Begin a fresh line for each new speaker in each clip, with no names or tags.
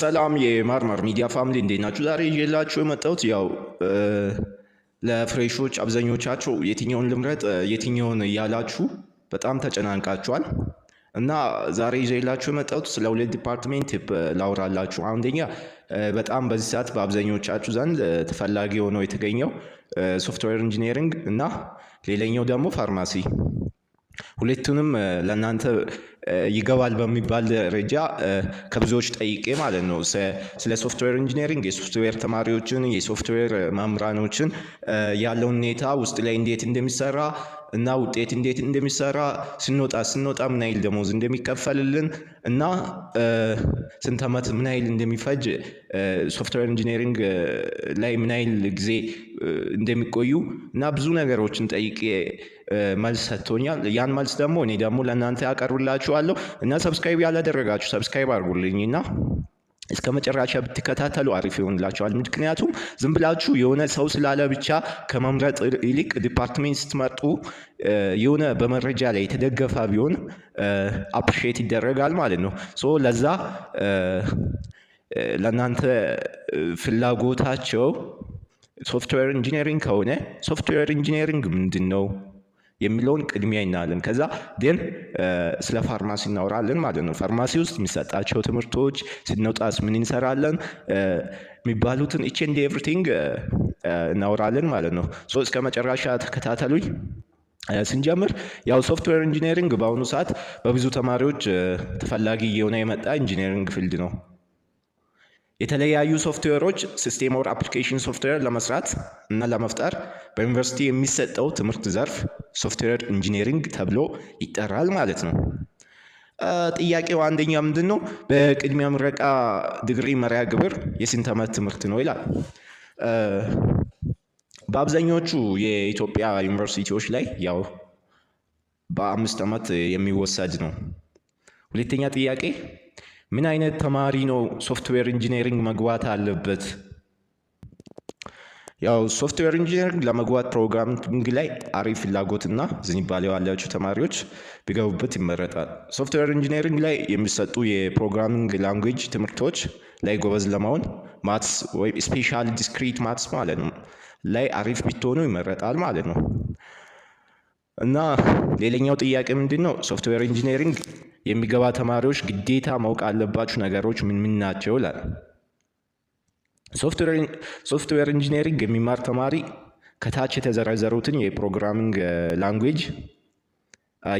ሰላም የማርማር ሚዲያ ፋሚሊ እንዴት ናችሁ? ዛሬ እየላችሁ የመጣሁት ያው ለፍሬሾች አብዛኞቻቸው የትኛውን ልምረጥ የትኛውን እያላችሁ በጣም ተጨናንቃችኋል እና ዛሬ ይዤላችሁ የመጣሁት ስለ ሁለት ዲፓርትሜንት ላውራላችሁ። አንደኛ በጣም በዚህ ሰዓት በአብዛኞቻችሁ ዘንድ ተፈላጊ ሆኖ የተገኘው ሶፍትዌር ኢንጂኒሪንግ እና ሌላኛው ደግሞ ፋርማሲ ሁለቱንም ለእናንተ ይገባል በሚባል ደረጃ ከብዙዎች ጠይቄ ማለት ነው ስለ ሶፍትዌር ኢንጂነሪንግ የሶፍትዌር ተማሪዎችን የሶፍትዌር መምህራኖችን ያለውን ሁኔታ ውስጥ ላይ እንዴት እንደሚሰራ እና ውጤት እንዴት እንደሚሰራ ስንወጣ ስንወጣ ምን ያህል ደሞዝ እንደሚከፈልልን እና ስንት ዓመት ምን ያህል እንደሚፈጅ ሶፍትዌር ኢንጂነሪንግ ላይ ምን ያህል ጊዜ እንደሚቆዩ እና ብዙ ነገሮችን ጠይቄ መልስ ሰጥቶኛል። ያን መልስ ደግሞ እኔ ደግሞ ለእናንተ ያቀርብላችሁ እላችኋለሁ እና ሰብስክራይብ ያላደረጋችሁ ሰብስክራይብ አድርጉልኝና እስከ መጨረሻ ብትከታተሉ አሪፍ ይሆንላቸዋል። ምክንያቱም ዝም ብላችሁ የሆነ ሰው ስላለ ብቻ ከመምረጥ ይልቅ ዲፓርትሜንት ስትመርጡ የሆነ በመረጃ ላይ የተደገፈ ቢሆን አፕሪሼት ይደረጋል ማለት ነው። ሶ ለዛ ለእናንተ ፍላጎታቸው ሶፍትዌር ኢንጂነሪንግ ከሆነ ሶፍትዌር ኢንጂነሪንግ ምንድን ነው የሚለውን ቅድሚያ ይናያለን። ከዛ ግን ስለ ፋርማሲ እናወራለን ማለት ነው። ፋርማሲ ውስጥ የሚሰጣቸው ትምህርቶች ስንውጣስ ምን እንሰራለን የሚባሉትን ኢች ኤንድ ኤቭሪቲንግ እናወራለን ማለት ነው። ሶ እስከ መጨረሻ ተከታተሉኝ። ስንጀምር ያው ሶፍትዌር ኢንጂነሪንግ በአሁኑ ሰዓት በብዙ ተማሪዎች ተፈላጊ እየሆነ የመጣ ኢንጂነሪንግ ፊልድ ነው። የተለያዩ ሶፍትዌሮች ሲስቴም ኦር አፕሊኬሽን ሶፍትዌር ለመስራት እና ለመፍጠር በዩኒቨርሲቲ የሚሰጠው ትምህርት ዘርፍ ሶፍትዌር ኢንጂነሪንግ ተብሎ ይጠራል ማለት ነው። ጥያቄው አንደኛ ምንድን ነው? በቅድሚያ ምረቃ ድግሪ መርሃ ግብር የስንት ዓመት ትምህርት ነው ይላል። በአብዛኞቹ የኢትዮጵያ ዩኒቨርሲቲዎች ላይ ያው በአምስት ዓመት የሚወሰድ ነው። ሁለተኛ ጥያቄ ምን አይነት ተማሪ ነው ሶፍትዌር ኢንጂነሪንግ መግባት አለበት? ያው ሶፍትዌር ኢንጂነሪንግ ለመግባት ፕሮግራሚንግ ላይ አሪፍ ፍላጎትና ዝንባሌ ያላቸው ተማሪዎች ቢገቡበት ይመረጣል። ሶፍትዌር ኢንጂነሪንግ ላይ የሚሰጡ የፕሮግራሚንግ ላንጉጅ ትምህርቶች ላይ ጎበዝ ለመሆን ማትስ ወይም ስፔሻል ዲስክሪት ማትስ ማለት ነው ላይ አሪፍ ቢትሆኑ ይመረጣል ማለት ነው። እና ሌላኛው ጥያቄ ምንድን ነው ሶፍትዌር ኢንጂነሪንግ የሚገባ ተማሪዎች ግዴታ ማወቅ አለባችሁ ነገሮች ምን ምን ናቸው ይላል። ሶፍትዌር ኢንጂነሪንግ የሚማር ተማሪ ከታች የተዘረዘሩትን የፕሮግራሚንግ ላንጉጅ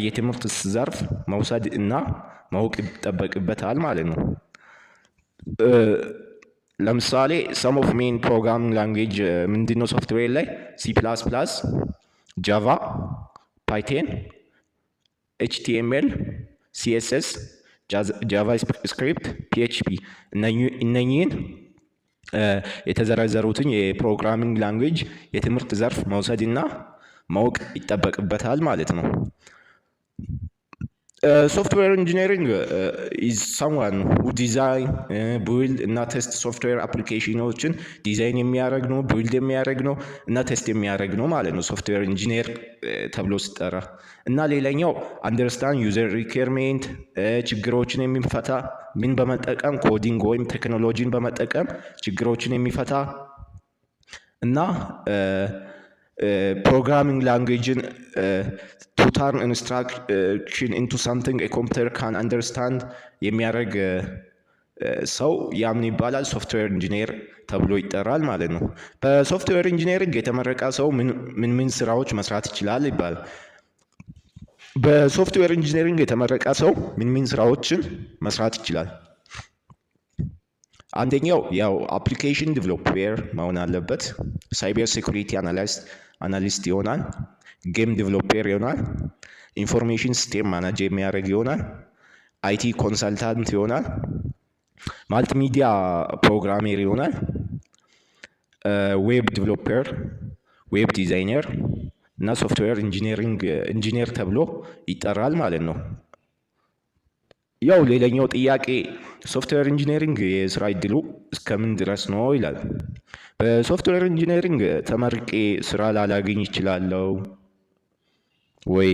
የትምህርት ዘርፍ መውሰድ እና ማወቅ ይጠበቅበታል ማለት ነው። ለምሳሌ ሰም ኦፍ ሜን ፕሮግራሚንግ ላንጉዌጅ ምንድነው? ሶፍትዌር ላይ ሲ ፕላስ ፕላስ፣ ጃቫ፣ ፓይቴን፣ ኤችቲኤምኤል ሲኤስኤስ፣ ጃቫስክሪፕት፣ ፒኤችፒ እነኚህን የተዘረዘሩትን የፕሮግራሚንግ ላንጉጅ የትምህርት ዘርፍ መውሰድና ማወቅ ይጠበቅበታል ማለት ነው። ሶፍትዌር ኢንጂነሪንግ ሰምዋን ዲዛይን ቢልድ እና ቴስት ሶፍትዌር አፕሊኬሽኖችን ዲዛይን የሚያደርግ ነው፣ ቢልድ የሚያደርግ ነው እና ቴስት የሚያደረግ ነው ማለት ነው ሶፍትዌር ኢንጂነር uh, ተብሎ ሲጠራ። እና ሌላኛው አንደርስታንድ ዩዘር ሪኩርሜንት ችግሮችን የሚፈታ ምን በመጠቀም ኮዲንግ ወይም ቴክኖሎጂን በመጠቀም ችግሮችን የሚፈታ እና uh, Eh, programming ላንጉጅን in, to turn instruction into something a computer can understand የሚያደርግ ሰው ያምን ይባላል ሶፍትዌር ኢንጂነር ተብሎ ይጠራል ማለት ነው። በሶፍትዌር ኢንጂነሪንግ የተመረቀ ሰው ምን ምን ስራዎች መስራት ይችላል ይባላል። በሶፍትዌር ኢንጂነሪንግ የተመረቀ ሰው ምን ምን ስራዎችን መስራት ይችላል? አንደኛው ያው አፕሊኬሽን ዲቨሎፐር መሆን አለበት። ሳይበር ሴኩሪቲ አናሊስት አናሊስት ይሆናል። ጌም ዲቨሎፐር ይሆናል። ኢንፎርሜሽን ሲስቴም ማናጅ የሚያደርግ ይሆናል። አይቲ ኮንሳልታንት ይሆናል። ማልቲሚዲያ ፕሮግራሜር ይሆናል። ዌብ ዲቨሎፐር፣ ዌብ ዲዛይነር እና ሶፍትዌር ኢንጂነሪንግ ኢንጂነር ተብሎ ይጠራል ማለት ነው። ያው ሌላኛው ጥያቄ ሶፍትዌር ኢንጂነሪንግ የስራ እድሉ እስከምን ድረስ ነው ይላል። በሶፍትዌር ኢንጂነሪንግ ተመርቄ ስራ ላላገኝ ይችላለው ወይ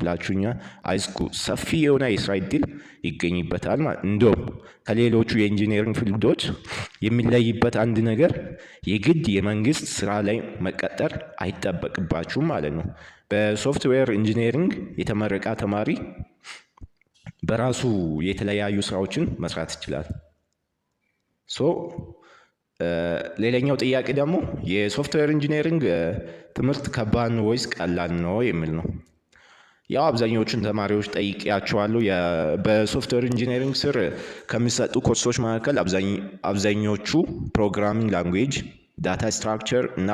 ብላችሁኛ? አይስኩ ሰፊ የሆነ የስራ እድል ይገኝበታል። ማለት እንደውም ከሌሎቹ የኢንጂነሪንግ ፊልዶች የሚለይበት አንድ ነገር የግድ የመንግስት ስራ ላይ መቀጠር አይጠበቅባችሁም ማለት ነው። በሶፍትዌር ኢንጂነሪንግ የተመረቃ ተማሪ በራሱ የተለያዩ ስራዎችን መስራት ይችላል። ሶ ሌላኛው ጥያቄ ደግሞ የሶፍትዌር ኢንጂነሪንግ ትምህርት ከባድ ነው ወይስ ቀላል ነው የሚል ነው። ያው አብዛኛዎቹን ተማሪዎች ጠይቄያቸዋለሁ። በሶፍትዌር ኢንጂነሪንግ ስር ከሚሰጡ ኮርሶች መካከል አብዛኞቹ ፕሮግራሚንግ ላንጉዌጅ፣ ዳታ ስትራክቸር እና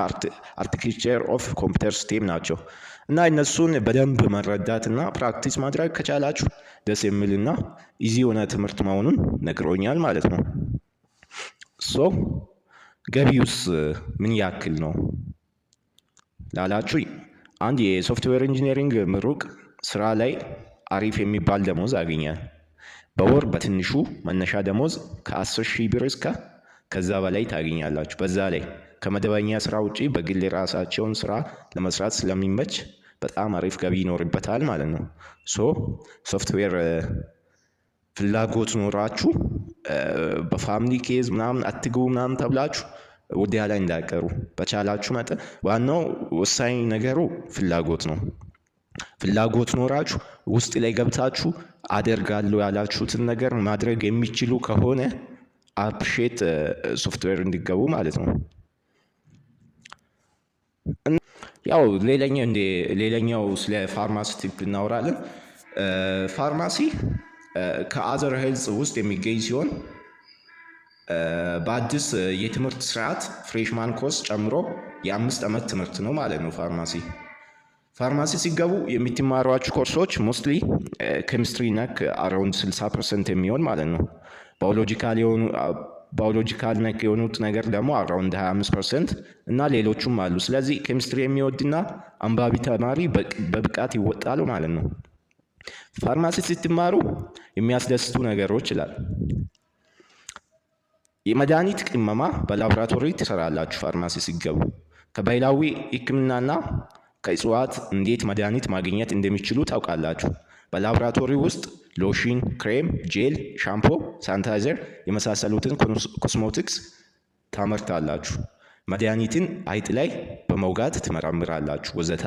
አርቲክቸር ኦፍ ኮምፒውተር ሲስቴም ናቸው። እና እነሱን በደንብ መረዳት እና ፕራክቲስ ማድረግ ከቻላችሁ ደስ የሚል እና ኢዚ የሆነ ትምህርት መሆኑን ነግሮኛል ማለት ነው። ሶ ገቢውስ ምን ያክል ነው ላላችሁ፣ አንድ የሶፍትዌር ኢንጂነሪንግ ምሩቅ ስራ ላይ አሪፍ የሚባል ደሞዝ አገኛል? በወር በትንሹ መነሻ ደሞዝ ከ10 ሺህ ብር እስከ ከዛ በላይ ታገኛላችሁ። በዛ ላይ ከመደበኛ ስራ ውጪ በግል የራሳቸውን ስራ ለመስራት ስለሚመች በጣም አሪፍ ገቢ ይኖርበታል ማለት ነው። ሶ ሶፍትዌር ፍላጎት ኖራችሁ በፋሚሊ ኬዝ ምናምን አትግቡ ምናምን ተብላችሁ ወዲያ ላይ እንዳይቀሩ በቻላችሁ መጠን ዋናው ወሳኝ ነገሩ ፍላጎት ነው። ፍላጎት ኖራችሁ ውስጥ ላይ ገብታችሁ አደርጋለሁ ያላችሁትን ነገር ማድረግ የሚችሉ ከሆነ አፕሼት ሶፍትዌር እንዲገቡ ማለት ነው። ያው ሌላኛው እንደ ሌላኛው ስለ ፋርማሲ ቲፕ እናወራለን። ፋርማሲ ከአዘር ሄልዝ ውስጥ የሚገኝ ሲሆን በአዲስ የትምህርት ስርዓት ፍሬሽማን ኮርስ ጨምሮ የአምስት ዓመት ትምህርት ነው ማለት ነው። ፋርማሲ ፋርማሲ ሲገቡ የምትማሯቸው ኮርሶች ሞስትሊ ኬሚስትሪ ነክ አራውንድ 60 ፐርሰንት የሚሆን ማለት ነው። ባዮሎጂካል የሆኑ ባዮሎጂካል ነክ የሆኑት ነገር ደግሞ አራውንድ 25 ፐርሰንት እና ሌሎቹም አሉ። ስለዚህ ኬሚስትሪ የሚወድና አንባቢ ተማሪ በብቃት ይወጣሉ ማለት ነው። ፋርማሲ ስትማሩ የሚያስደስቱ ነገሮች ይላል። የመድኃኒት ቅመማ በላቦራቶሪ ትሰራላችሁ ፋርማሲ ሲገቡ ከባህላዊ ሕክምናና ከእጽዋት እንዴት መድኃኒት ማግኘት እንደሚችሉ ታውቃላችሁ። በላብራቶሪ ውስጥ ሎሽን፣ ክሬም፣ ጄል፣ ሻምፖ፣ ሳንታይዘር የመሳሰሉትን ኮስሞቲክስ ታመርታላችሁ። መድኃኒትን አይጥ ላይ በመውጋት ትመረምራላችሁ ወዘታ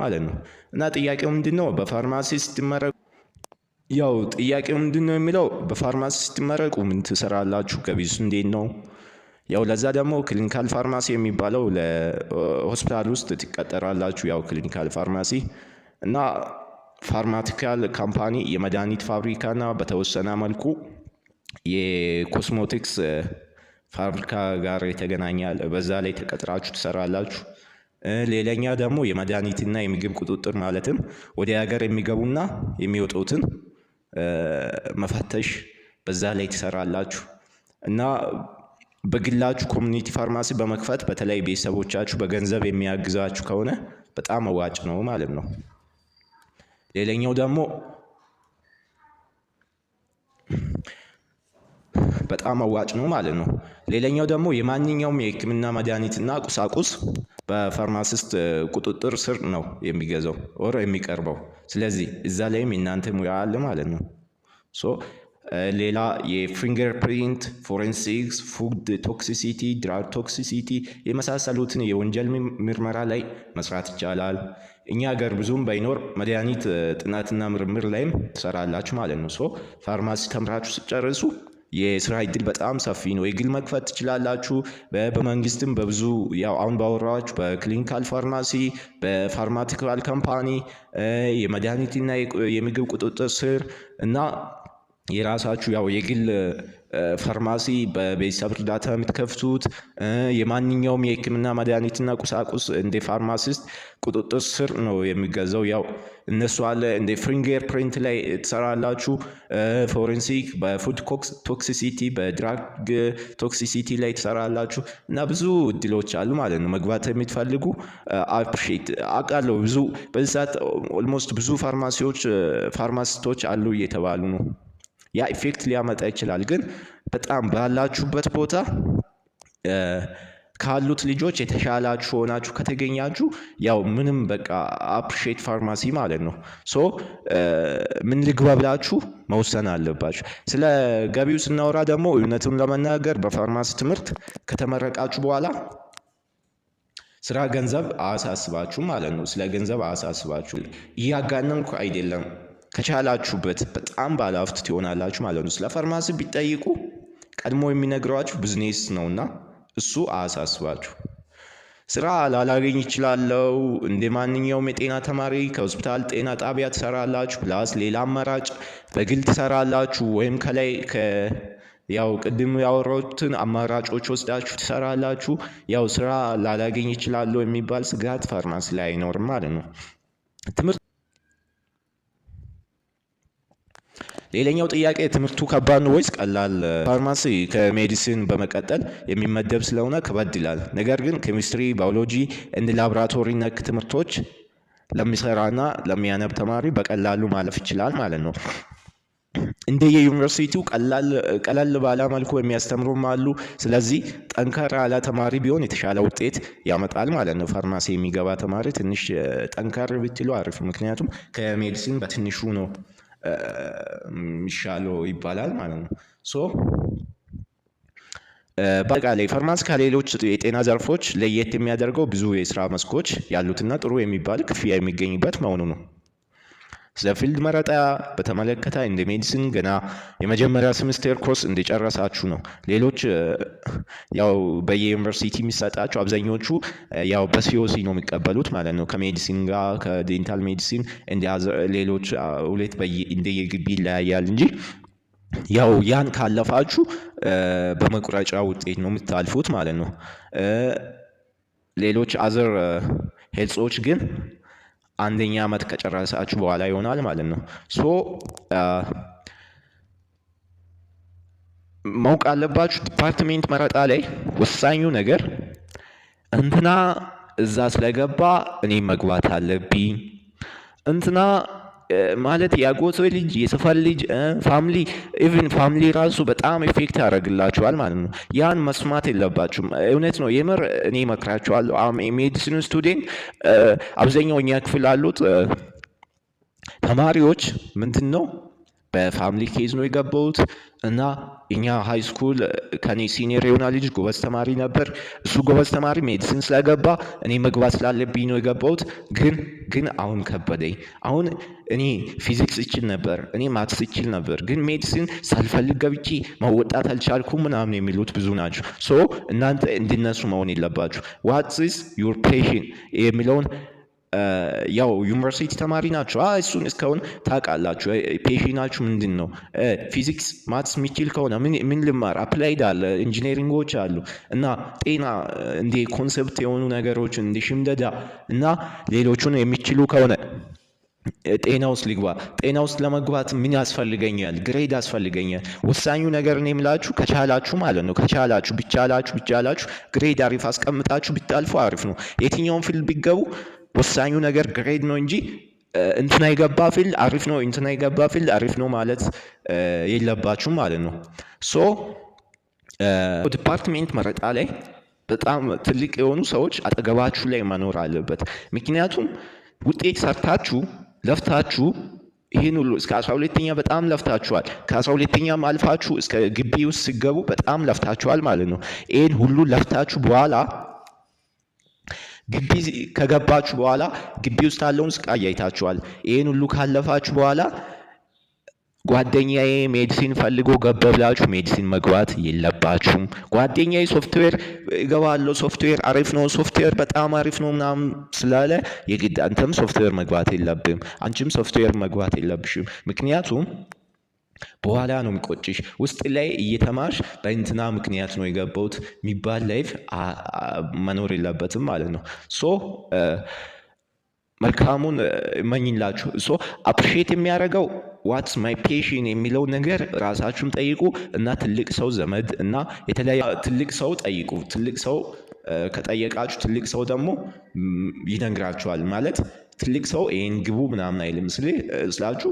ማለት ነው። እና ጥያቄው ምንድነው ነው? በፋርማሲ ስትመረቁ ያው ጥያቄው ምንድን ነው የሚለው በፋርማሲ ስትመረቁ ምን ትሰራላችሁ? ገቢሱ እንዴት ነው? ያው ለዛ ደግሞ ክሊኒካል ፋርማሲ የሚባለው ለሆስፒታል ውስጥ ትቀጠራላችሁ። ያው ክሊኒካል ፋርማሲ እና ፋርማቲካል ካምፓኒ የመድኃኒት ፋብሪካና በተወሰነ መልኩ የኮስሞቲክስ ፋብሪካ ጋር የተገናኛል። በዛ ላይ ተቀጥራችሁ ትሰራላችሁ። ሌላኛ ደግሞ የመድኃኒትና የምግብ ቁጥጥር ማለትም ወደ ሀገር የሚገቡና የሚወጡትን መፈተሽ፣ በዛ ላይ ትሰራላችሁ እና በግላችሁ ኮሚኒቲ ፋርማሲ በመክፈት በተለይ ቤተሰቦቻችሁ በገንዘብ የሚያግዛችሁ ከሆነ በጣም አዋጭ ነው ማለት ነው። ሌላኛው ደግሞ በጣም አዋጭ ነው ማለት ነው። ሌላኛው ደግሞ የማንኛውም የሕክምና መድኃኒትና ቁሳቁስ በፋርማሲስት ቁጥጥር ስር ነው የሚገዛው ወር የሚቀርበው። ስለዚህ እዛ ላይም የእናንተ ሙያ አለ ማለት ነው። ሶ ሌላ የፊንገር ፕሪንት፣ ፎሬንሲክስ፣ ፉድ ቶክሲሲቲ፣ ድራግ ቶክሲሲቲ የመሳሰሉትን የወንጀል ምርመራ ላይ መስራት ይቻላል። እኛ ሀገር ብዙም ባይኖር መድኃኒት ጥናትና ምርምር ላይም ትሰራላችሁ ማለት ነው። ሶ ፋርማሲ ተምራችሁ ስጨርሱ የስራ እድል በጣም ሰፊ ነው። የግል መክፈት ትችላላችሁ። በመንግስትም በብዙ ያው አሁን ባወራችሁ በክሊኒካል ፋርማሲ፣ በፋርማቲካል ካምፓኒ፣ የመድኃኒትና የምግብ ቁጥጥር ስር እና የራሳችሁ ያው የግል ፋርማሲ በቤተሰብ እርዳታ የምትከፍቱት የማንኛውም የሕክምና መድኃኒትና ቁሳቁስ እንደ ፋርማሲስት ቁጥጥር ስር ነው የሚገዛው። ያው እነሱ አለ እንደ ፊንገር ፕሪንት ላይ ትሰራላችሁ። ፎሬንሲክ በፉድ ቶክሲሲቲ፣ በድራግ ቶክሲሲቲ ላይ ትሰራላችሁ እና ብዙ እድሎች አሉ ማለት ነው። መግባት የሚትፈልጉ አፕሪሼት አውቃለሁ። ብዙ በዚህ ሰዓት ኦልሞስት ብዙ ፋርማሲዎች ፋርማሲስቶች አሉ እየተባሉ ነው። ያ ኢፌክት ሊያመጣ ይችላል። ግን በጣም ባላችሁበት ቦታ ካሉት ልጆች የተሻላችሁ ሆናችሁ ከተገኛችሁ ያው ምንም በቃ አፕሪሼት ፋርማሲ ማለት ነው። ሶ ምን ልግባ ብላችሁ መውሰን አለባችሁ። ስለ ገቢው ስናወራ ደግሞ እውነቱን ለመናገር በፋርማሲ ትምህርት ከተመረቃችሁ በኋላ ስራ ገንዘብ አያሳስባችሁ ማለት ነው። ስለ ገንዘብ አያሳስባችሁ። እያጋነንኩ አይደለም። ከቻላችሁበት በጣም ባለሀብት ትሆናላችሁ ማለት ነው። ስለ ፋርማሲ ቢጠይቁ ቀድሞ የሚነግሯችሁ ቢዝኔስ ነውና እሱ አያሳስባችሁ። ስራ ላላገኝ ይችላለው። እንደ ማንኛውም የጤና ተማሪ ከሆስፒታል ጤና ጣቢያ ትሰራላችሁ፣ ፕላስ ሌላ አማራጭ በግል ትሰራላችሁ፣ ወይም ከላይ ያው ቅድም ያወራሁትን አማራጮች ወስዳችሁ ትሰራላችሁ። ያው ስራ ላላገኝ ይችላለሁ የሚባል ስጋት ፋርማሲ ላይ አይኖርም ማለት ነው። ትምህርት ሌላኛው ጥያቄ ትምህርቱ ከባድ ነው ወይስ ቀላል? ፋርማሲ ከሜዲሲን በመቀጠል የሚመደብ ስለሆነ ከበድ ይላል። ነገር ግን ኬሚስትሪ፣ ባዮሎጂ እንደ ላብራቶሪ ነክ ትምህርቶች ለሚሰራና ለሚያነብ ተማሪ በቀላሉ ማለፍ ይችላል ማለት ነው። እንደ የዩኒቨርሲቲው ቀለል ባለ መልኩ የሚያስተምሩም አሉ። ስለዚህ ጠንከር ያለ ተማሪ ቢሆን የተሻለ ውጤት ያመጣል ማለት ነው። ፋርማሲ የሚገባ ተማሪ ትንሽ ጠንከር ብትሉ አሪፍ፣ ምክንያቱም ከሜዲሲን በትንሹ ነው የሚሻለው ይባላል ማለት ነው። ሶ በአጠቃላይ ፋርማሲ ከሌሎች የጤና ዘርፎች ለየት የሚያደርገው ብዙ የስራ መስኮች ያሉትና ጥሩ የሚባል ክፍያ የሚገኝበት መሆኑ ነው። ስለ ፊልድ መረጣ በተመለከተ እንደ ሜዲሲን ገና የመጀመሪያ ሴሚስተር ኮርስ እንደጨረሳችሁ ነው። ሌሎች ያው በየዩኒቨርሲቲ የሚሰጣቸው አብዛኞቹ ያው በሲኦሲ ነው የሚቀበሉት ማለት ነው። ከሜዲሲን ጋር ከዴንታል ሜዲሲን ሌሎች ሁለት እንደየግቢ ይለያያል እንጂ ያው ያን ካለፋችሁ በመቁረጫ ውጤት ነው የምታልፉት ማለት ነው። ሌሎች አዘር ሄልሶች ግን አንደኛ ዓመት ከጨረሳችሁ በኋላ ይሆናል ማለት ነው። ሶ ማወቅ አለባችሁ ዲፓርትሜንት መረጣ ላይ ወሳኙ ነገር እንትና እዛ ስለገባ እኔ መግባት አለብኝ እንትና ማለት ያጎቶ ልጅ የሰፈር ልጅ ፋሚሊ ኢቭን ፋሚሊ ራሱ በጣም ኢፌክት ያደርግላችኋል ማለት ነው። ያን መስማት የለባችሁም። እውነት ነው፣ የምር እኔ እመክራችኋለሁ። ሜዲሲን ስቱዴንት አብዛኛው እኛ ክፍል አሉት ተማሪዎች ምንድን ነው በፋሚሊ ኬዝ ነው የገባሁት እና እኛ ሀይ ስኩል ከኔ ሲኒየር የሆነ ልጅ ጎበዝ ተማሪ ነበር። እሱ ጎበዝ ተማሪ ሜዲሲን ስለገባ እኔ መግባት ስላለብኝ ነው የገባሁት። ግን ግን አሁን ከበደኝ። አሁን እኔ ፊዚክስ እችል ነበር፣ እኔ ማትስ እችል ነበር። ግን ሜዲሲን ሳልፈልግ ገብቼ መወጣት አልቻልኩም ምናምን የሚሉት ብዙ ናቸው። ሶ እናንተ እንድነሱ መሆን የለባችሁ። ዋትስ ዩር ፔሽን የሚለውን ያው ዩኒቨርሲቲ ተማሪ ናቸው እሱን እስካሁን ታውቃላችሁ። ፔሽናችሁ ምንድን ነው? ፊዚክስ ማትስ የሚችል ከሆነ ምን ልማር? አፕላይድ አለ፣ ኢንጂነሪንጎች አሉ እና ጤና እንደ ኮንሰፕት የሆኑ ነገሮችን እንደ ሽምደዳ እና ሌሎቹን የሚችሉ ከሆነ ጤና ውስጥ ሊግባ። ጤና ውስጥ ለመግባት ምን ያስፈልገኛል? ግሬድ ያስፈልገኛል። ወሳኙ ነገር ነው የምላችሁ ከቻላችሁ ማለት ነው። ከቻላችሁ ብቻላችሁ ብቻላችሁ ግሬድ አሪፍ አስቀምጣችሁ ብታልፉ አሪፍ ነው። የትኛውን ፊልድ ቢገቡ ወሳኙ ነገር ግሬድ ነው እንጂ እንትና የገባ ፊልድ አሪፍ ነው፣ እንትና የገባ ፊልድ አሪፍ ነው ማለት የለባችሁ ማለት ነው። ሶ ዲፓርትሜንት መረጣ ላይ በጣም ትልቅ የሆኑ ሰዎች አጠገባችሁ ላይ መኖር አለበት። ምክንያቱም ውጤት ሰርታችሁ ለፍታችሁ ይህን ሁሉ እስከ አስራ ሁለተኛ በጣም ለፍታችኋል። ከአስራ ሁለተኛም አልፋችሁ እስከ ግቢ ውስጥ ስገቡ በጣም ለፍታችኋል ማለት ነው። ይህን ሁሉ ለፍታችሁ በኋላ ግቢ ከገባችሁ በኋላ ግቢ ውስጥ ያለውን ስቃይ አይታችኋል። ይህን ሁሉ ካለፋችሁ በኋላ ጓደኛዬ ሜዲሲን ፈልጎ ገባ ብላችሁ ሜዲሲን መግባት የለባችሁም። ጓደኛዬ ሶፍትዌር እገባለሁ፣ ሶፍትዌር አሪፍ ነው፣ ሶፍትዌር በጣም አሪፍ ነው ምናምን ስላለ የግድ አንተም ሶፍትዌር መግባት የለብም፣ አንቺም ሶፍትዌር መግባት የለብሽም። ምክንያቱም በኋላ ነው የሚቆጭሽ። ውስጥ ላይ እየተማርሽ በእንትና ምክንያት ነው የገባሁት የሚባል ላይፍ መኖር የለበትም ማለት ነው። ሶ መልካሙን እመኝላችሁ። ሶ አፕሪሼት የሚያደርገው ዋትስ ማይ ፔሽን የሚለው ነገር ራሳችሁም ጠይቁ እና ትልቅ ሰው ዘመድ እና የተለያዩ ትልቅ ሰው ጠይቁ። ትልቅ ሰው ከጠየቃችሁ ትልቅ ሰው ደግሞ ይነግራችኋል ማለት ትልቅ ሰው ይህን ግቡ ምናምን አይልም ስላችሁ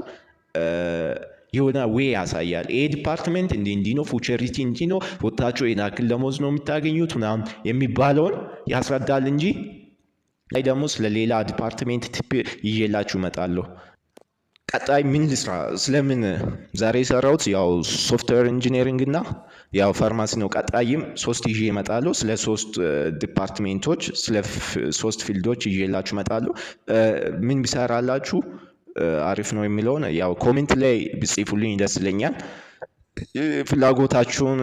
የሆነ ዌይ ያሳያል። ይሄ ዲፓርትመንት እንዲ እንዲ ነው፣ ፉቸሪቲ እንዲ ነው፣ ወታችሁ የናክል ደሞዝ ነው የምታገኙት ምናምን የሚባለውን ያስረዳል እንጂ ላይ ደግሞ ስለ ሌላ ዲፓርትሜንት ቲፕ ይዤላችሁ እመጣለሁ። ቀጣይ ምን ልስራ? ስለምን ዛሬ የሰራሁት ያው ሶፍትዌር ኢንጂኒሪንግ እና ያው ፋርማሲ ነው። ቀጣይም ሶስት ይዤ እመጣለሁ። ስለ ሶስት ዲፓርትሜንቶች፣ uh, ስለ ሶስት ፊልዶች ይዤላችሁ እመጣለሁ። uh, ምን ቢሰራላችሁ አሪፍ ነው የሚለውን ያው ኮሜንት ላይ ብጽፉልኝ ደስ ይለኛል። ፍላጎታችሁን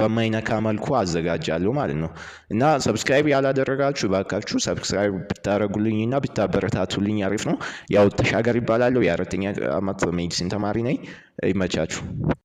በማይነካ መልኩ አዘጋጃለሁ ማለት ነው እና ሰብስክራይብ ያላደረጋችሁ ባካችሁ ሰብስክራይብ ብታደረጉልኝ እና ብታበረታቱልኝ አሪፍ ነው። ያው ተሻገር ይባላለሁ። የአራተኛ ዓመት ሜዲሲን ተማሪ ነኝ። ይመቻችሁ።